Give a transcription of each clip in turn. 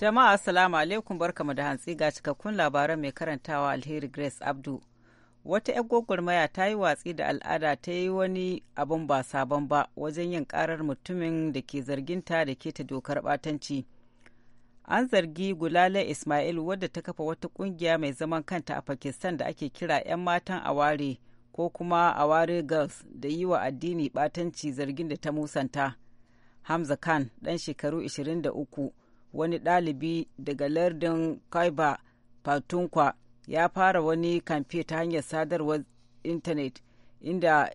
Jama'a Assalamu alaikum barkamu da hantsi ga cikakkun labaran mai karantawa Alheri Grace Abdu. Wata 'yar gwagwarmaya ta yi watsi da al'ada ta yi wani abun ba sabon ba wajen yin karar mutumin da ke zarginta da ke ta dokar batanci. An zargi Gulale Ismail wadda ta kafa wata kungiya mai zaman kanta a Pakistan da ake kira 'yan matan aware ko kuma aware girls da yi wa addini batanci zargin da ta musanta. Hamza Khan, ɗan shekaru 23, wani ɗalibi daga lardin kaiba fatunkwa ya fara wani kamfe ta hanyar sadarwar intanet inda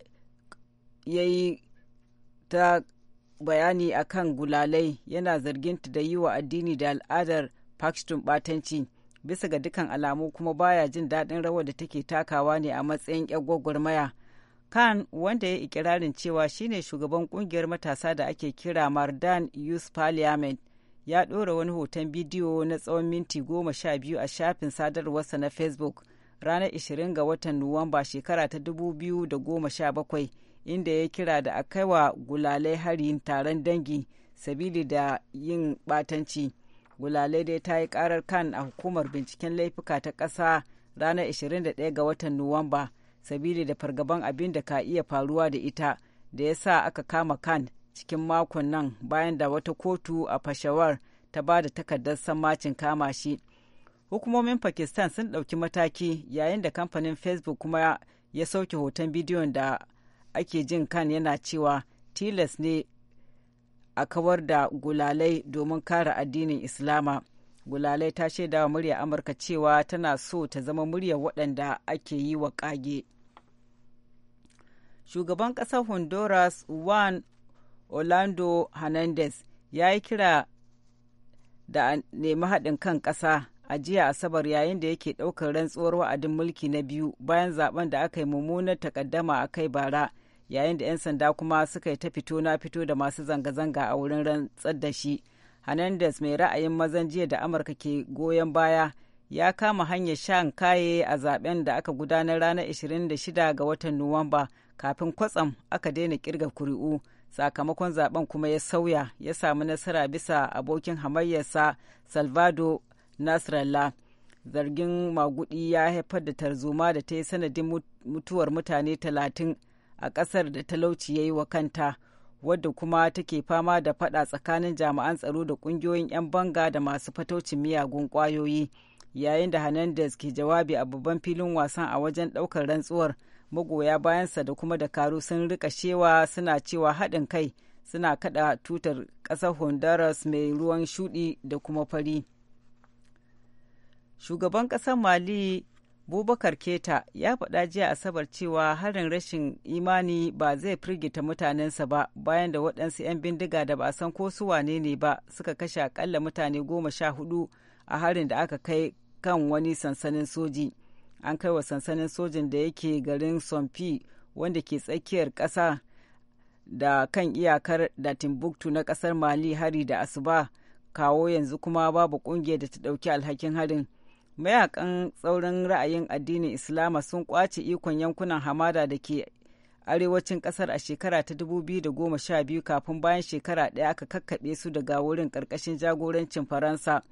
ya yi ta bayani a kan gulalai yana zarginta da yi wa addini da al'adar pakistan batanci bisa ga dukan alamu kuma baya jin daɗin rawa da take takawa ne a matsayin 'yan gwagwarmaya khan wanda ya ikirarin cewa shine shugaban kungiyar matasa da ake kira mardan youth parliament ya ɗora wani hoton bidiyo na tsawon minti goma sha biyu a shafin sadarwarsa na facebook ranar 20 ga watan nuwamba shekara ta 2017 inda ya kira da a kaiwa gulalai hari taron dangi sabili da yin ɓatanci gulalai dai ta yi karar kan a hukumar binciken laifuka ta ƙasa ranar 21 ga watan nuwamba sabili da fargaban abin da ka iya faruwa da ita da ya sa aka kama kan cikin makon nan bayan da wata kotu a fashawar ta ba da takardar sammacin kama shi hukumomin pakistan sun ɗauki mataki yayin da kamfanin facebook kuma ya sauke hoton bidiyon da ake jin kan yana cewa tilas ne a kawar da gulalai domin kare addinin islama gulalai ta shaida wa murya amurka cewa tana so ta zama murya waɗanda ake yi wa ƙage shugaban ƙasar honduras juan orlando hernandez ya yi kira da a nemi haɗin kan ƙasa a jiya asabar yayin da yake ɗaukar rantsuwar wa'adin mulki na biyu bayan zaben da aka yi mummunar takaddama a kai bara yayin da 'yan sanda kuma suka yi ta fito na fito da masu zanga-zanga a wurin rantsar da shi hernandez mai ra'ayin mazan jiya da amurka ke goyon baya ya kama hanyar shan kaye a zaben da aka gudanar ranar 26 ga watan nuwamba kafin kwatsam aka daina kirga kuri'u sakamakon zaben kuma ya sauya ya samu nasara bisa abokin hamayyarsa salvador nasrala zargin magudi ya haifar da tarzoma da ta yi sanadin mutuwar mutane talatin a kasar da talauci ya yi wa kanta wadda kuma take fama da fada tsakanin jami'an tsaro da kungiyoyin 'yan banga da masu fataucin miyagun kwayoyi yayin da hernandez ke jawabi a babban filin wasan a wajen daukar rantsuwar magoya bayansa da kuma dakaru sun rika shewa suna cewa haɗin kai suna kaɗa tutar ƙasar honduras mai ruwan shuɗi da kuma fari shugaban ƙasar mali bubakar keta ya faɗa jiya asabar cewa harin rashin imani ba zai firgita mutanensa ba bayan da waɗansu 'yan bindiga da ba san ko su wane ne ba suka kashe akalla mutane goma sha hudu a harin da aka kai kan wani sansanin soji an kai wa sansanin sojin da yake garin sompi wanda ke tsakiyar ƙasa da kan iyakar da timbuktu na ƙasar mali hari da asuba kawo yanzu kuma babu ƙungiyar da ta ɗauki alhakin harin mayakan tsaurin ra'ayin addinin islama sun kwace ikon yankunan hamada da ke arewacin kasar a shekara ta 2012 kafin bayan shekara ɗaya aka kakkaɓe su daga wurin ƙarƙashin jagorancin faransa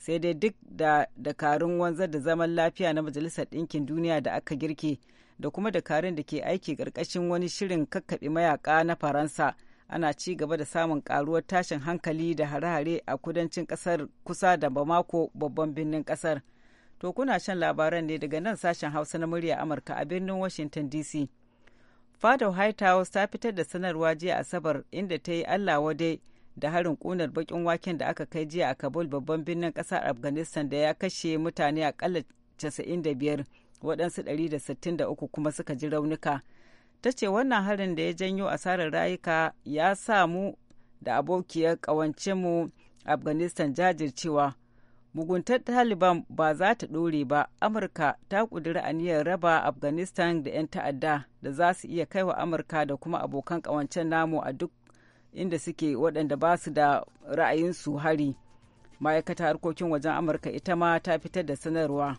sai dai duk da dakarun wanzar da zaman lafiya na majalisar ɗinkin duniya da aka girke da kuma dakarun da ke aiki ƙarƙashin wani shirin kakkaɓe mayaƙa na faransa ana ci gaba da samun ƙaruwar tashin hankali da hare-hare a kudancin ƙasar kusa da bamako babban birnin ƙasar to kuna shan labaran ne daga nan sashen hausa na murya amurka a birnin washington dc fadar white house ta fitar da sanarwa jiya asabar inda ta yi allah wadai da harin kunar bakin waken da aka kai jiya a kabul babban birnin kasar afghanistan da ya kashe mutane akalla 95 waɗansu 163 kuma suka ji raunuka ta ce wannan harin da ya janyo asarar rayuka ya sa mu da abokiyar mu afghanistan jajircewa muguntar taliban ba za ta ɗore ba amurka ta ƙudiri aniyar raba afghanistan da 'yan ta'adda da za su iya kaiwa amurka da kuma abokan ƙawancen namu a duk inda suke waɗanda ba su da ra'ayinsu hari ma'aikatar harkokin wajen amurka ita ma ta fitar da sanarwa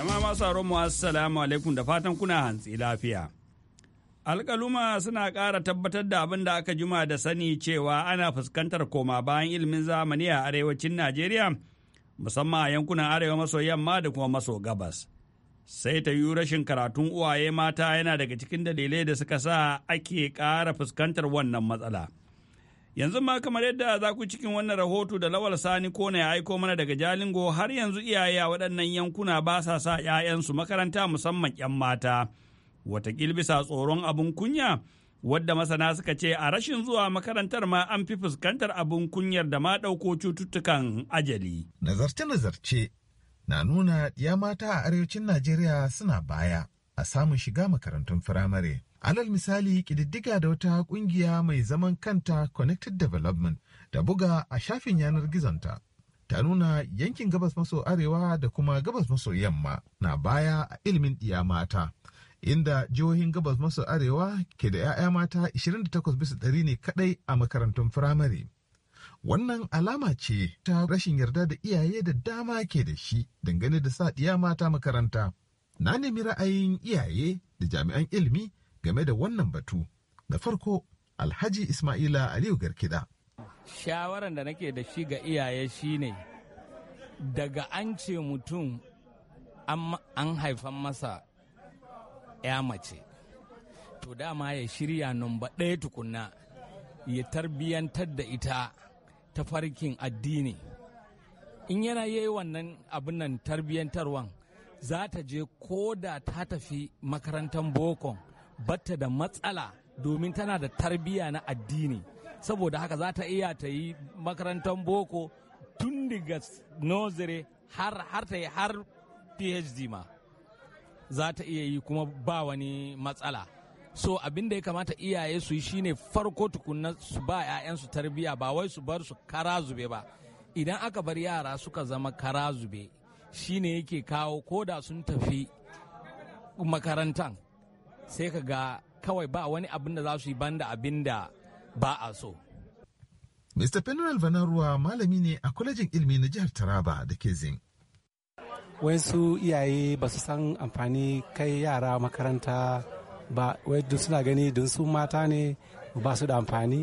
Jama'a masu mu assalamu alaikum da fatan kuna hantsi lafiya. alkaluma suna ƙara tabbatar da abin da aka jima da sani cewa ana fuskantar koma bayan ilimin zamani a arewacin Najeriya, musamman a yankunan arewa maso yamma da kuma maso gabas. Sai ta yi rashin karatun uwaye mata yana daga cikin dalilai da suka sa ake ƙara fuskantar wannan matsala. Yanzu ma kamar yadda za ku cikin wannan rahoto da Lawal Sani Kona ya aiko mana daga Jalingo har yanzu iyaye a waɗannan yankuna ba sa sa 'ya'yansu makaranta musamman 'yan mata. Watakil bisa tsoron abin kunya wadda masana suka ce a rashin zuwa makarantar ma an fi fuskantar abin kunyar da ma ɗauko cututtukan ajali. Nazarce-nazarce na nuna ya mata a arewacin Najeriya suna baya a samun shiga makarantun firamare. Alal misali kididdiga da wata ƙungiya mai zaman kanta Connected Development da buga a shafin yanar gizonta. Ta nuna yankin gabas maso arewa da kuma gabas maso yamma na baya a ilimin ɗiya mata. Inda jihohin gabas maso arewa ke da 'ya'ya mata 28 bisa ɗari ne kaɗai a makarantun firamare. Wannan alama ce ta rashin yarda da iyaye da dama ke da shi dangane da sa ɗiya mata makaranta. Na nemi ra'ayin iyaye da jami'an ilimi game da wannan batu da farko alhaji ismaila aliyu garkida shawaran da nake da shi ga iyaye shine daga an ce mutum an haifan masa ya mace to dama ya shirya numba ɗaya tukunna ya tarbiyyantar da ita ta farkin addini in yana yi wannan abin nan tarbiyyantarwan za ta je ko da ta tafi makarantar bokon batta da matsala domin tana da tarbiyya na addini saboda haka za ta iya ta yi makarantar boko tun daga nursery har har ta yi har phd ma za ta iya yi kuma ba wani matsala so abin da ya kamata iyaye su yi shine farko tukunna su ba 'ya'yansu tarbiyya ba wai su bar su kara zube ba idan aka bar yara suka zama kara zube shine yake kawo ko da sun tafi makarantan sai ka ga kawai ba wani abin da za su yi banda abin da ba a so. Mr. Penuel Vanaruwa malami ne a kwalejin Ilmi na jihar Taraba da ke zin. Wasu iyaye ba su san amfani kai yara makaranta ba wadda suna gani don su mata ne ba su da amfani.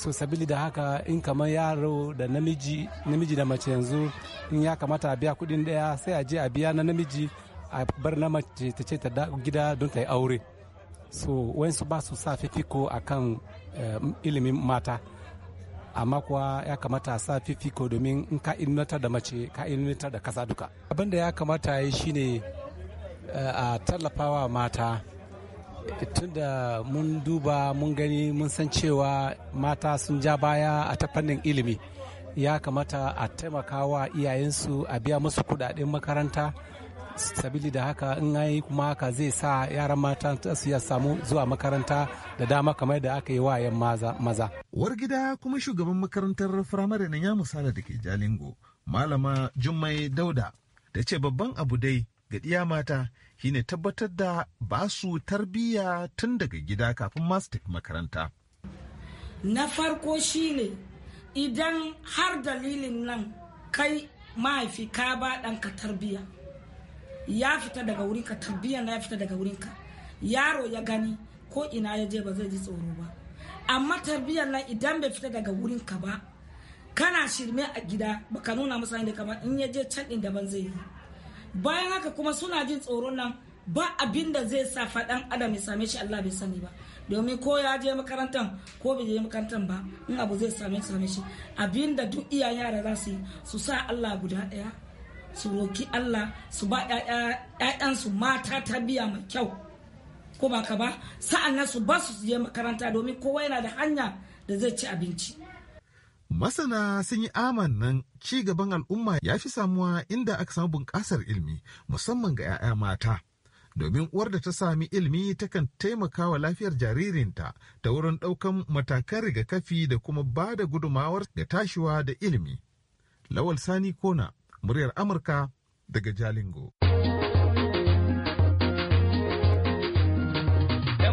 So sabili da haka in kamar yaro da namiji, namiji da mace yanzu in ya kamata a biya kudin daya sai a je a biya na namiji a bar na mace ta ce ta gida don ta yi aure so wayansu ba su sa fifiko a kan eh, ilimin mata amma kuwa ya kamata a sa fifiko domin in ka inuwatar da mace ka inuwatar da kasa duka abin da ya kamata ya yi shine eh, a tallafawa mata tunda mun duba mun gani mun san cewa mata sun ja baya a ta fannin ilimi ya kamata a taimaka wa iyayensu a biya musu kudaden makaranta sabili da haka in yi kuma haka zai sa yaran mata su ya samu zuwa makaranta da dama kamar da aka yi wa yan maza gida kuma shugaban makarantar firamare na ya misala da ke jalingo malama jummai dauda ta ce babban abu dai ga iya mata shine tabbatar da ba su tarbiyya tun daga gida kafin masu tafi makaranta na farko shine idan har dalilin nan kai mahaifi ka ba ɗanka tarbiyya ya fita daga wurinka tarbiyyar ya fita daga wurinka yaro ya gani ko ina ya je ba zai ji tsoro ba amma tarbiyyar nan idan bai fita daga wurin ka ba kana shirme a gida baka nuna masa da kamar in ya je can inda ban zai yi bayan haka kuma suna jin tsoron nan ba abin da zai sa faɗan adam ya same shi Allah bai sani ba domin ko ya je makarantar ko bai je makarantar ba in abu zai same same shi abin da duk iyayen yara za su yi su sa Allah guda ɗaya su roki Allah su ba ‘ya'yansu mata ta biya mai kyau ko ba ka ba sa'an nan su ba su je makaranta domin kowa yana da hanya da zai ci abinci. Masana sun yi amannan ci gaban al'umma ya fi samuwa inda aka samu bunƙasar ilimi musamman ga ‘ya'ya mata. domin uwar da ta sami ilimi takan taimaka wa lafiyar jaririnta ta wurin ɗaukan matakan rigakafi da kuma ba da gudumawar ga tashiwa da ilimi. Lawal Sani Kona muryar amurka daga jalingo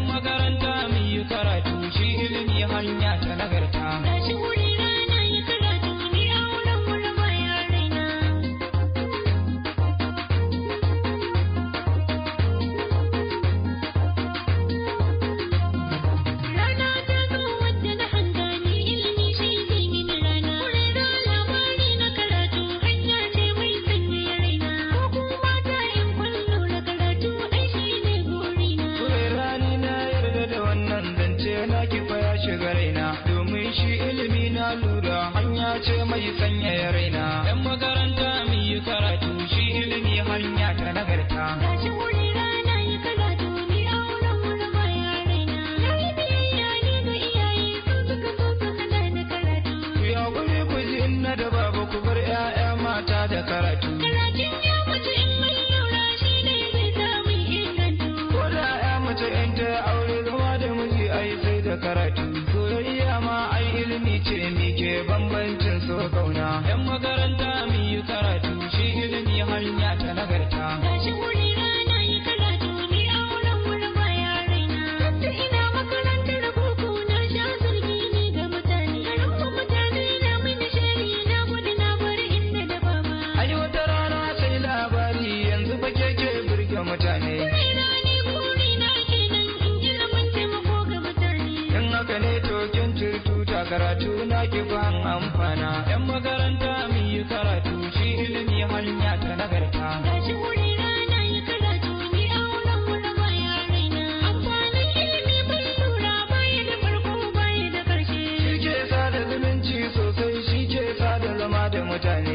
makaranta karatu shi ilimi hanya ta nagarta. ya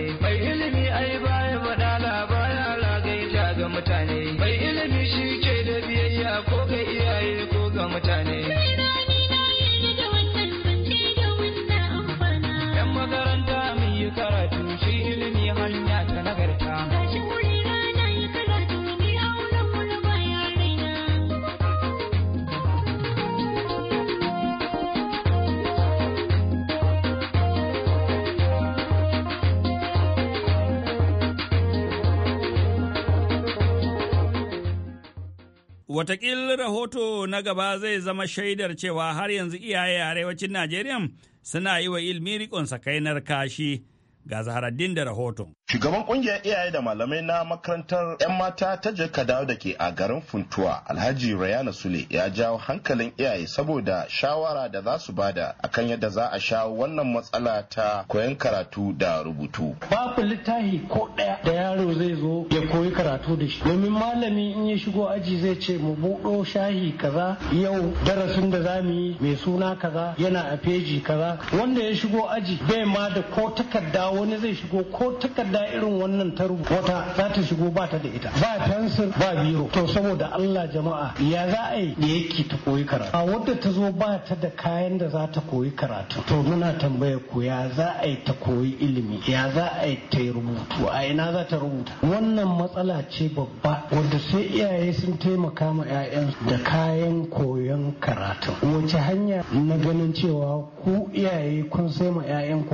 Wataƙila rahoto na gaba zai zama shaidar cewa har yanzu iyaye arewacin Najeriya suna yi wa ilmi riƙon sakainar kashi. Ga Zaharaddin da rahoton. Shugaban kungiyar iyaye da malamai na makarantar 'yan mata ta Jakadawa da ke a garin Funtuwa, Alhaji Rayana Sule ya jawo hankalin iyaye saboda shawara da za su bada kan yadda za a shawo wannan matsala ta koyon karatu da rubutu. Babu littafi ko ɗaya da yaro zai zo ya koyi karatu da shi. Domin malami in ya shigo aji zai ce mu buɗo shahi kaza yau darasin da za mu yi mai suna kaza yana a feji kaza wanda ya shigo aji bai ma da ko takarda wani zai shigo ko takarda irin wannan ta rubuta za ta shigo ba ta da ita ba fensir ba biro to saboda Allah jama'a ya za a yi da yake ta koyi karatu a wadda ta zo ba ta da kayan da za ta koyi karatu to muna tambaya ku ya za a yi ta koyi ilimi ya za a yi ta rubutu a ina za ta rubuta wannan matsala ce babba wadda sai iyaye sun taimaka ma 'ya'yansu. da kayan koyon karatu wace hanya na ganin cewa ku iyaye kun sai ma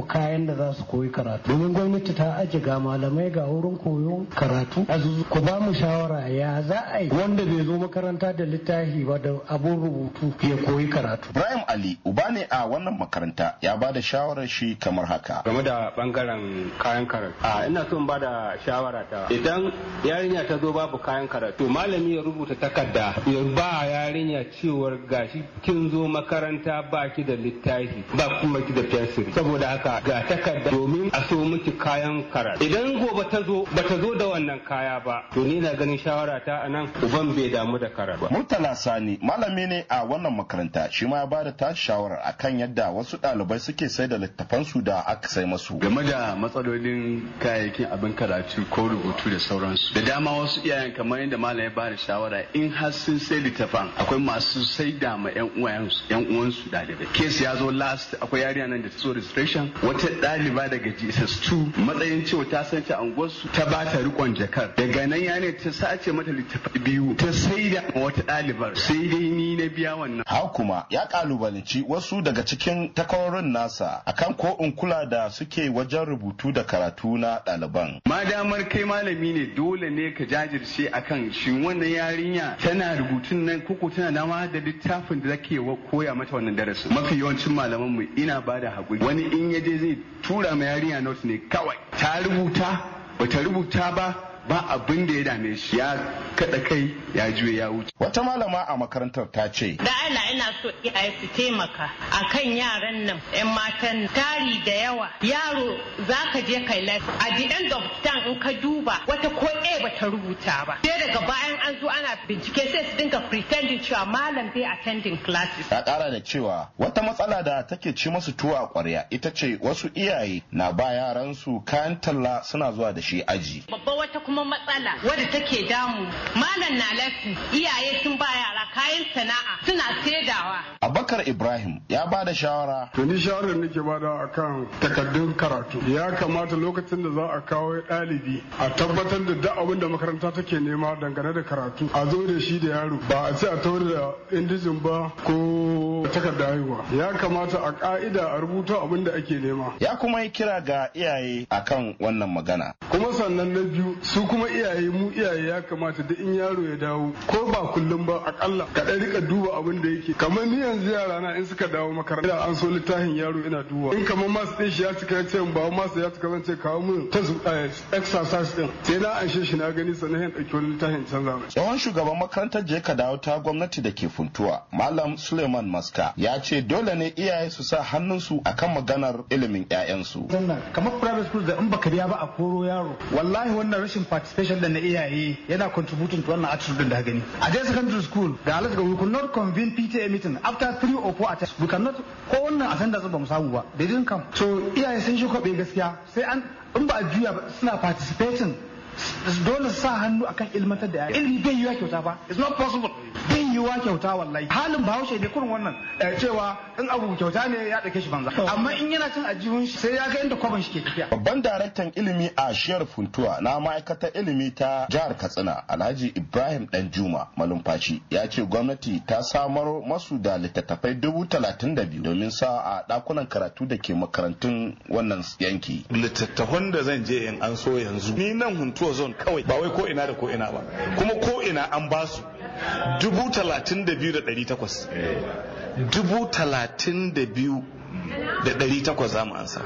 kayan da za su koyi karatu karatu domin gwamnati ta aje ga malamai ga wurin koyo karatu ku ba mu shawara ya za a yi wanda bai zo makaranta da littafi ba da abun rubutu ya koyi karatu Ibrahim Ali uba ne a wannan makaranta ya ba da shawarar shi kamar haka game da bangaren kayan karatu a ina so in ba da shawara ta idan yarinya ta zo babu kayan karatu malami ya rubuta takarda ya ba yarinya cewar gashi kin zo makaranta baki da littafi ba kuma ki da fensir saboda haka ga takarda domin a so miki kayan karatu idan gobe ta zo bata zo da wannan kaya ba to ni na ganin shawara ta anan uban bai damu da karatu ba murtala sani malami ne a wannan makaranta shi ma ya bada ta shawara akan yadda wasu ɗalibai suke sai da su da aka sai masu game da matsalolin kayayyakin abin karatu ko rubutu da sauransu da dama wasu iyayen kamar yadda malami ya bada shawara in har sun sai littafan akwai masu sai da ma yan uwansu yan uwansu dalibai kes ya zo last akwai yariya nan da ta so registration wata ɗaliba daga Jesus 2 matsayin cewa ta sace anguwarsu ta ba ta rikon jakar daga nan ya ne ta sace mata littafai biyu ta da wata ɗalibar sai dai ni na biya wannan. Ha kuma ya kalubalanci wasu daga cikin takwarorin nasa akan ko in kula da suke wajen rubutu da karatu na ɗaliban. Madamar kai malami ne dole ne ka jajirce akan shi wannan yarinya tana rubutun nan koko tana dama da littafin da zake koya mata wannan darasin. Mafi yawancin malaman mu ina da hakuri wani in ya je zai tura ma yarinya ne kawai ta rubuta bata rubuta ba ba abin da ya dame shi ya kada kai ya juye ya wuce wata malama a makarantar ta ce da ana ina so iyaye su taimaka a kan yaran nan yan matan tari da yawa yaro za ka je kai lafi a the end of time in ka duba wata ko e ta rubuta ba sai daga bayan an zo ana bincike sai su dinga pretending cewa malam bai attending classes ta kara da cewa wata matsala da take ci masu tuwo a kwarya ita ce wasu iyaye na ba yaran su kayan talla suna zuwa da shi aji babba wata kuma kuma matsala wadda take damu malam na lafi iyaye sun ba yara kayan sana'a suna saidawa. Ibrahim ya ba da shawara. To ni shawarar nake bada a kan takaddun karatu. Ya kamata lokacin da za a kawo ɗalibi a tabbatar da duk abin da makaranta take nema dangane da karatu a zo da shi da yaro ba a ce a tauri da indijin ba ko takarda haihuwa. Ya kamata a ka'ida a rubuta abin da ake nema. Ya kuma yi kira ga iyaye akan wannan magana. Kuma sannan na biyu su kuma iyaye mu iyaye ya kamata da in yaro ya dawo ko ba kullum ba akalla ka ɗan rika duba abin da yake kamar ni yanzu yara rana in suka dawo makaranta an so littafin yaro ina duwa in kamar mas din shi ya cika ce ba mas ya cika zance kawo min ta eh, exercise din sai na anshe shi na gani sannan yan dauki wani littafin canza mai tsohon shugaban makarantar je ka dawo ta gwamnati da ke funtuwa malam suleiman maska ya ce dole ne iyaye su sa hannunsu akan maganar ilimin 'ya'yansu kamar private school da in baka biya ba a koro yaro wallahi wannan rashin participation da na iyaye yana contributing to wannan attitude da gani a dai secondary school ga alas ga we could not convene PTA meeting after three ko a test we cannot ko wannan attendance ba mu samu ba da kam. kam so iyaye sun shi kwabe gaskiya sai an in ba a juya ba suna participating dole sa hannu akan ilmantar da yi. ilmi bai yiwa kyauta ba it's not possible yiwuwa kyauta wallahi halin bahaushe ne kurin wannan eh, cewa in abu kyauta ne ya dake shi banza amma in yana cin ajihun shi sai ya ga inda kwaban shi ke tafiya babban daraktan ilimi a shiyar funtuwa na ma'aikatar ilimi ta jihar katsina alhaji ibrahim danjuma malumfashi ya ce gwamnati ta samar masu da littattafai dubu talatin da biyu domin sa a dakunan karatu da ke makarantun wannan yanki littattafan da zan je in an so yanzu ni nan huntuwa zone kawai ba wai ko ina da ko ina ba kuma ko ina an basu dubu talatin da biyu da dari takwas za mu ansa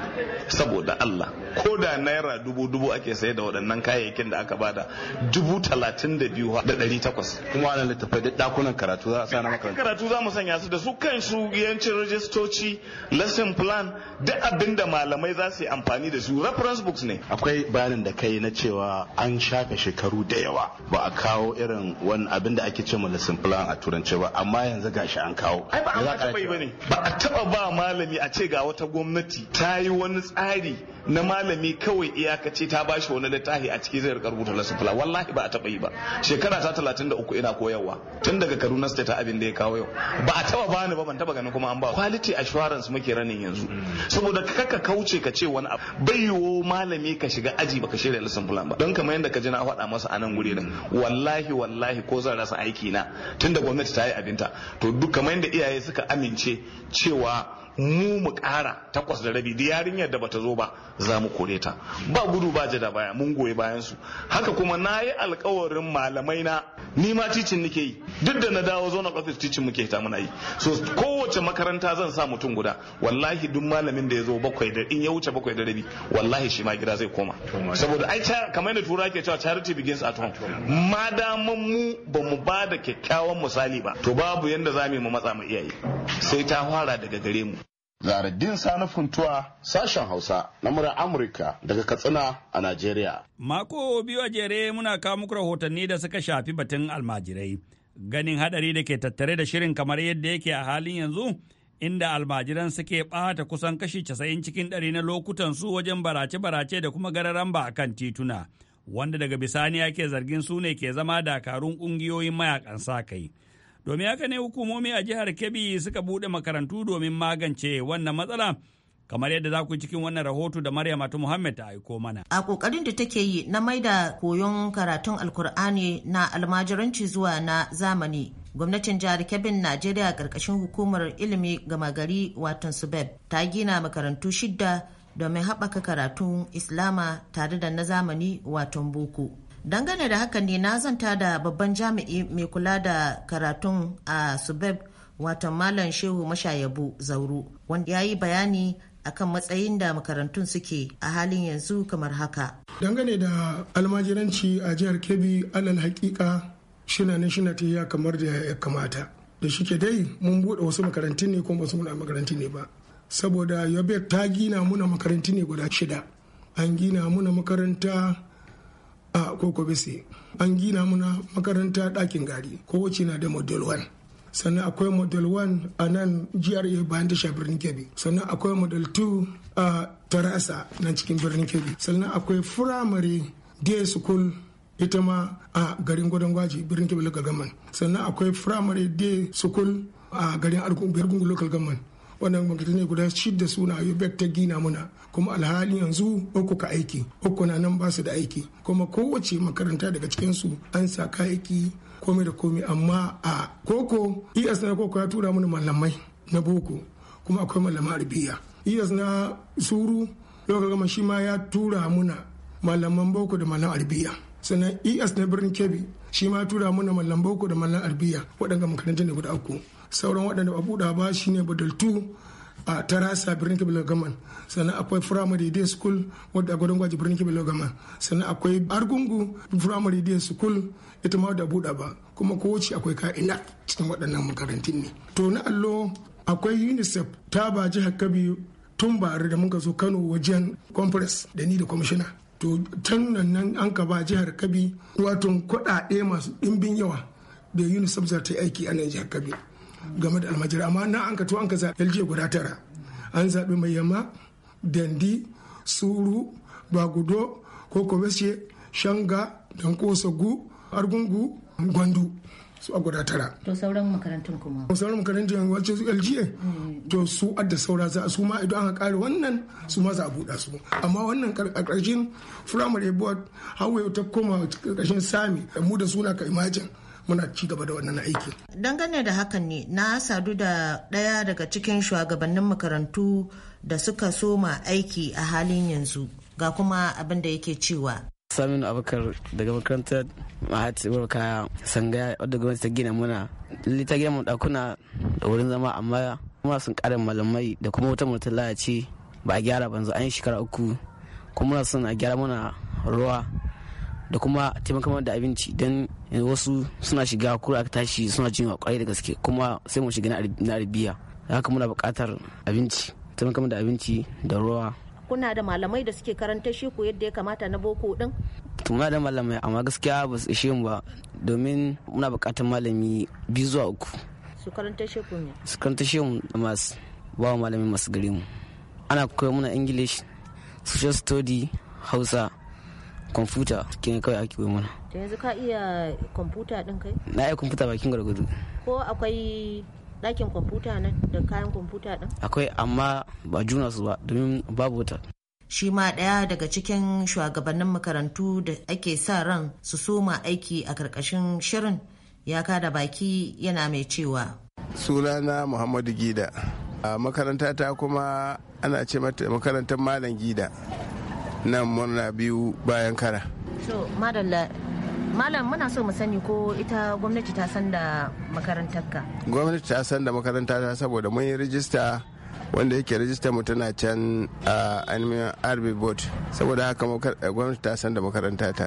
saboda Allah ko da naira dubu dubu ake sai da waɗannan kayayyakin da aka bada dubu talatin da biyu da ɗari takwas kuma ana littafai da ɗakunan karatu za a sa na makaranta karatu za mu sanya su da su kan su yancin rajistoci lesson plan da abin da malamai za su yi amfani da su reference books ne akwai bayanin da kai na cewa an shafe shekaru da yawa ba a kawo irin wani abin da ake ce ma lesson plan a turance ba amma yanzu gashi an kawo ba a taɓa ba a taba ba malami a ce ga wata gwamnati ta yi wani tsari na malami kawai iyakace ta ba shi wani littafi a ciki zai rika rubuta lasifila wallahi ba a taba yi ba shekara ta 33 ina koyarwa tun daga Kaduna State abin da ya kawo yau ba a taba bani ba ban taba ganin kuma an ba quality assurance muke ranin yanzu saboda kaka kauce ka ce wani abu bai yiwo malami ka shiga aji ka shirya lasifila ba don kamar yadda ka ji na faɗa masa anan guri din wallahi wallahi ko zan rasa aiki na tun da gwamnati ta yi abinta to duk kamar yadda iyaye suka amince cewa mu mu kara takwas da rabi da yarinyar da bata zo ba za mu kore ta ba gudu ba jada baya mun goyi bayan su haka kuma na yi alkawarin malamai na ni ma ticin nake yi duk da na dawo zona office ticin muke ta muna yi so kowace makaranta zan sa mutum guda wallahi duk malamin da ya zo bakwai da in ya wuce bakwai da rabi wallahi shi ma gida zai koma saboda ai kamar da tura ke cewa charity begins at home madaman mu ba mu ba kyakkyawan misali ba to babu yanda za mu matsa mu iyaye sai ta fara daga gare mu Zaradin Sani Funtuwa sashen Hausa na murar Amurka daga Katsina a Najeriya. Mako biyu a jere muna kawo muku rahotanni da suka shafi batun almajirai. Ganin hadari da ke tattare da shirin kamar yadda yake a halin yanzu inda almajiran suke ɓata kusan kashi casa'in cikin ɗari na lokutan su wajen barace-barace da kuma gararan ba akan tituna. Wanda daga bisani ke zargin su ne ke zama dakarun ƙungiyoyin mayakan sa kai. Domin haka ne hukumomi a jihar Kebbi suka bude makarantu domin magance wannan matsala. kamar yadda za ku cikin wannan rahoto da Maryam Atu Muhammad ta aiko mana. A kokarin da take yi na maida koyon karatun Alkur'ani na almajiranci zuwa na zamani. Gwamnatin jihar Kebbin Najeriya karkashin hukumar ilimi gama gari watan Subeb ta gina makarantu shidda domin haɓaka karatun Islama tare da na zamani watan boko. dangane da hakan ne na zanta da babban jami'i mai kula da karatun a subeb wato malam shehu mashayabu zauru wanda ya yi bayani akan matsayin da makarantun suke a halin yanzu kamar haka dangane da almajiranci a jihar kebbi alal hakika shina ne shina ta kamar da ya kamata da shike dai mun buɗe wasu makarantun ne ko wasu muna makarantun ne ba saboda yobe ta gina muna makarantun ne guda shida an gina muna makaranta a kokobese an gina muna makaranta ɗakin gari kowace na da model 1 sannan akwai model 1 a nan GRA bayan sha birnin kebbi sannan akwai model 2 a tarasa nan cikin birnin kebbi sannan akwai firamare day school ita ma a garin gudun gwaji birnin kebbi local government sannan akwai firamare day school a garin argungu local government wannan gwamnati ne guda shidda suna yi ta gina muna kuma alhali yanzu uku ka aiki uku na nan basu da aiki kuma kowace makaranta daga cikinsu an sa kayaki komai da komai amma a koko ES na koko ya tura mana malamai na boko kuma akwai malama arbiya ES na suru yau gama shi ma ya tura muna malaman boko da malaman arbiya sannan es na birnin kebi shi ma tura muna mallan boko da mallan arbiya waɗanda makarantar ne guda uku sauran waɗanda ba buɗa ba shine badaltu a tarasa birnin kebbi gaman sannan akwai firamare day school wadda a gwadon gwaji birnin kebbi gaman sannan akwai argungu firamare day school ita ma da buɗa ba kuma kowace akwai ka'ina cikin waɗannan makarantun ne to na allo akwai unicef ta ba jihar kabi tun ba da muka zo kano wajen conference da ni da kwamishina to can nan an ka ba jihar kabi wato kuɗaɗe masu ɗimbin yawa da unicef za ta yi aiki a nan jihar kabi game da almajira amma na an kato to an ka zaɓi LG guda tara an zaɓi mai yamma dandi suru bagudo ko kobeshe shanga dankosa gu argungu gwandu su a guda tara. To sauran makarantun kuma. To sauran makarantun wacce su LGA mm. to su adda saura za su ma idan aka kare wannan su ma za a buɗa su. Amma wannan karkashin primary board hawaye ta koma karkashin sami mu da suna ka imajin. muna ci gaba da wannan aikin. Dangane da hakan ne na sadu da ɗaya daga cikin shugabannin makarantu da suka soma aiki a halin yanzu ga kuma abin da yake cewa. Saminu abokar daga makarantar Mahat Ibar Kaya Sangaya wadda gwamnati ta gina muna. Lili ta gina ɗakuna da wurin zama amma kuma sun ƙarin malamai da kuma wata mutum lalace ba a gyara banzu an yi shekara uku kuma suna gyara muna ruwa da kuma taimakon da abinci don wasu suna shiga kura aka tashi suna jin kwarai da gaske kuma sai mu shiga na arabiya haka muna buƙatar abinci taimakon da abinci da ruwa kuna da malamai da suke karanta shi ko yadda ya kamata na boko din muna da malamai amma gaskiya ba su ishe mu ba domin muna buƙatar malami biyu zuwa uku su karanta shi ku ne su karanta shi mu masu ba malami masu gare mu ana koyar muna english social study hausa kwamfuta ke kawai ake koyi mana da yanzu ka iya kwamfuta din kai na iya kwamfuta bakin gargado ko akwai ɗakin kwamfuta nan da kayan kwamfuta din akwai amma ba juna su ba domin babu wata shi ma ɗaya daga cikin shugabannin makarantu da ake sa ran su soma aiki a ƙarƙashin shirin ya kada baki yana mai cewa sunana muhammadu gida a makaranta ta kuma ana ce mata makarantar malam gida nan murna biyu bayan kara so malam muna so mu sani ko ita gwamnati ta san da makarantarka gwamnati ta san da makaranta ta saboda mun yi rijista wanda yake rijista mu tana can a animal army board saboda haka gwamnati ta san da makaranta ta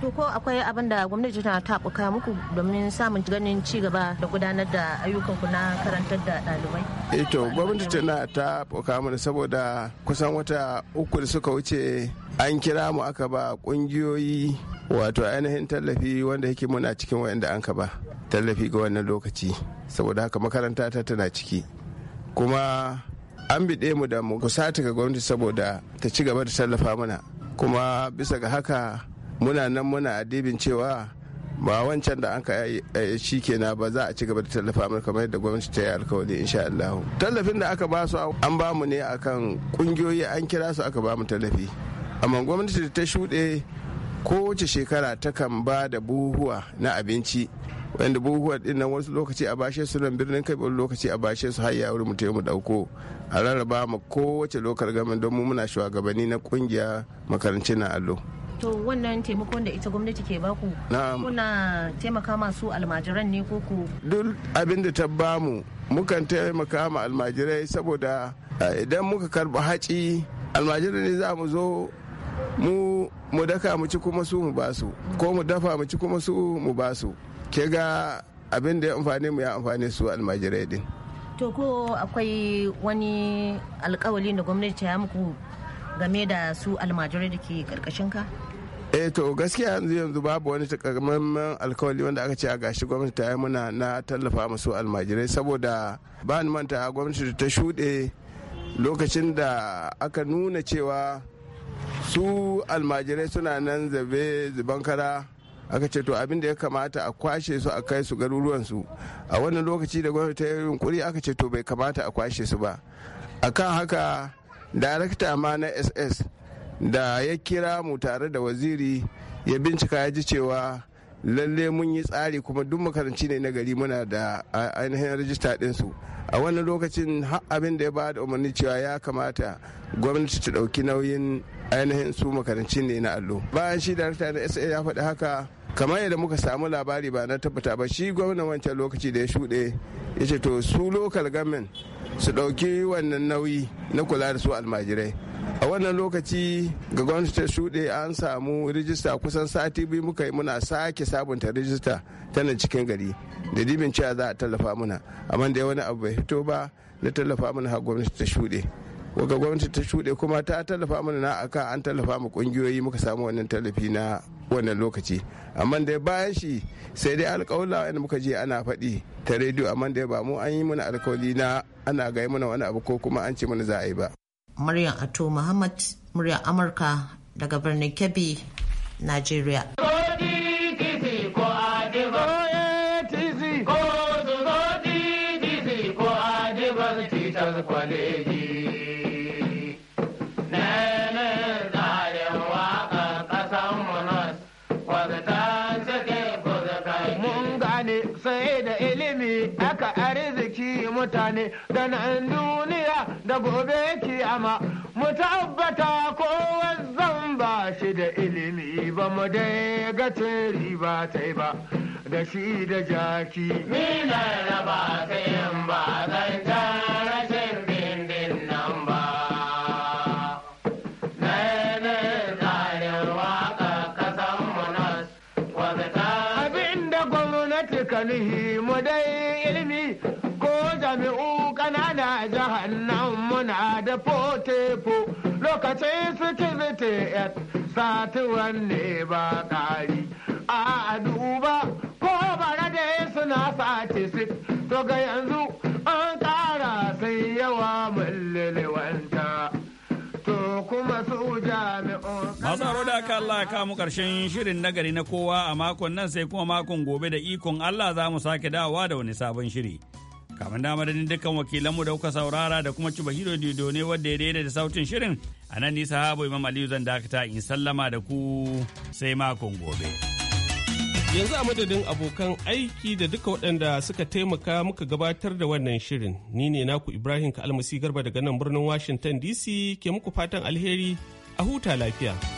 To ko akwai abin da gwamnati tana tabuka muku domin samun ganin ci gaba da gudanar da ayyukan ku na karantar da dalibai eh to gwamnati tana tabuka mana saboda kusan wata uku da suka wuce an kira mu aka ba kungiyoyi wato ainihin tallafi wanda yake muna cikin da an ka ba tallafi ga wannan lokaci saboda haka makaranta ta tana ciki kuma an biɗe mu da mu ga gwamnati saboda ta ci gaba da tallafa mana kuma bisa ga haka muna nan muna adibin cewa ba wancan da an ka eh, shi kenan ba za a ci gaba da tallafa mai kamar yadda gwamnati ta yi alkawari insha Allah tallafin da aka ba su an ba mu ne akan kungiyoyi an kira su aka ba mu tallafi amma gwamnati da ta shuɗe kowace shekara ta kan ba da buhuwa na abinci wanda buhuwa din nan wasu lokaci a bashe su nan birnin kai wani lokaci a bashe su har ya wuri mu mu dauko a rarraba mu kowace lokar gaban don mu muna shugabanni na kungiya makarancin na allo to wannan taimakon da ita gwamnati ke baku kuna taimaka masu almajiran ne koko duk abin da ta bamu mukan taimaka ma almajirai saboda eh, idan muka karba haci almajirai ne za mu zo mu mu daka mu ci kuma su mu basu ko mu dafa mu ci kuma su mu basu ke ga abin da ya amfani mu ya amfani su almajirai din to ko akwai wani alkawali da gwamnati ta muku game da su almajirai da ke karkashin ka eh to gaskiya yanzu yanzu babu wani takamaiman alkawali wanda aka ce a gashi gwamnati ta yi muna na tallafa musu almajirai saboda ba ni manta gwamnati ta shuɗe lokacin da aka nuna cewa su almajirai suna nan zabe zuban kara aka ce to abin da ya kamata a kwashe su a kai su garuruwansu a wannan lokaci da gwamnati ta yi yunkuri aka ce to bai kamata a kwashe su ba akan haka darakta ma na ss da ya kira mu tare da waziri ya bincika ya ji cewa lalle mun yi tsari kuma duk makaranci ne na gari muna da ainihin rajista ɗinsu a wannan lokacin abin da ya ba da umarni cewa ya kamata gwamnati ta ɗauki nauyin ainihin su makaranci ne na allo bayan shi darakta na sa ya faɗi haka kamar yadda muka samu labari ba na tabbata ba shi gwamnan wancan lokaci da ya shuɗe ya ce to su local government su ɗauki wannan nauyi na kula da su almajirai a wannan lokaci ga gwamnati ta shuɗe an samu rijista kusan sati biyu muka yi muna sake sabunta rijista tana cikin gari da dibin cewa za a tallafa muna amma da wani abu bai fito ba na tallafa mana har gwamnati ta shuɗe ga gwamnati ta shuɗe kuma ta tallafa mana na aka an tallafa mu kungiyoyi muka samu wannan tallafi na wannan lokaci amma da bayan shi sai dai alƙawla wanda muka je ana faɗi ta rediyo amma da ba mu an yi mana alƙawli na ana gai mana wani abu ko kuma an ce mana za a yi ba Maryam Ato Muhammad, muryar Amurka daga birnin Kebbi, Najeriya. mutane da an duniya da gobe kiyama mu tabbata ko zan ba shi da ilimi ba mu dai ga riba ta ba da shi da jaki ni na raba ta ba zan gwamnati ka mu dai ilimi ko jami'u kanana jahannan muna da fotefo lokacin sikiriti yat sati wanne ba ƙari a duba ko bara da suna sati su to ga yanzu an ƙara sai yawa mullilwanta to kuma su jami'un masu haro da aka Allah ya kamu karshen shirin nagari na kowa a makon nan sai kuma makon gobe da ikon Allah za mu sake dawowa da wani sabon shiri. kamar da madadin dukkan wakilanmu da kuka saurara da kuma cuba hiro dido ne wadda ya daida da sautin shirin a nan nisa habu imam aliyu zan dakata in sallama da ku sai makon gobe yanzu a madadin abokan aiki da duka waɗanda suka taimaka muka gabatar da wannan shirin ni ne naku ibrahim ka almasi garba daga nan birnin washington dc ke muku fatan alheri a huta lafiya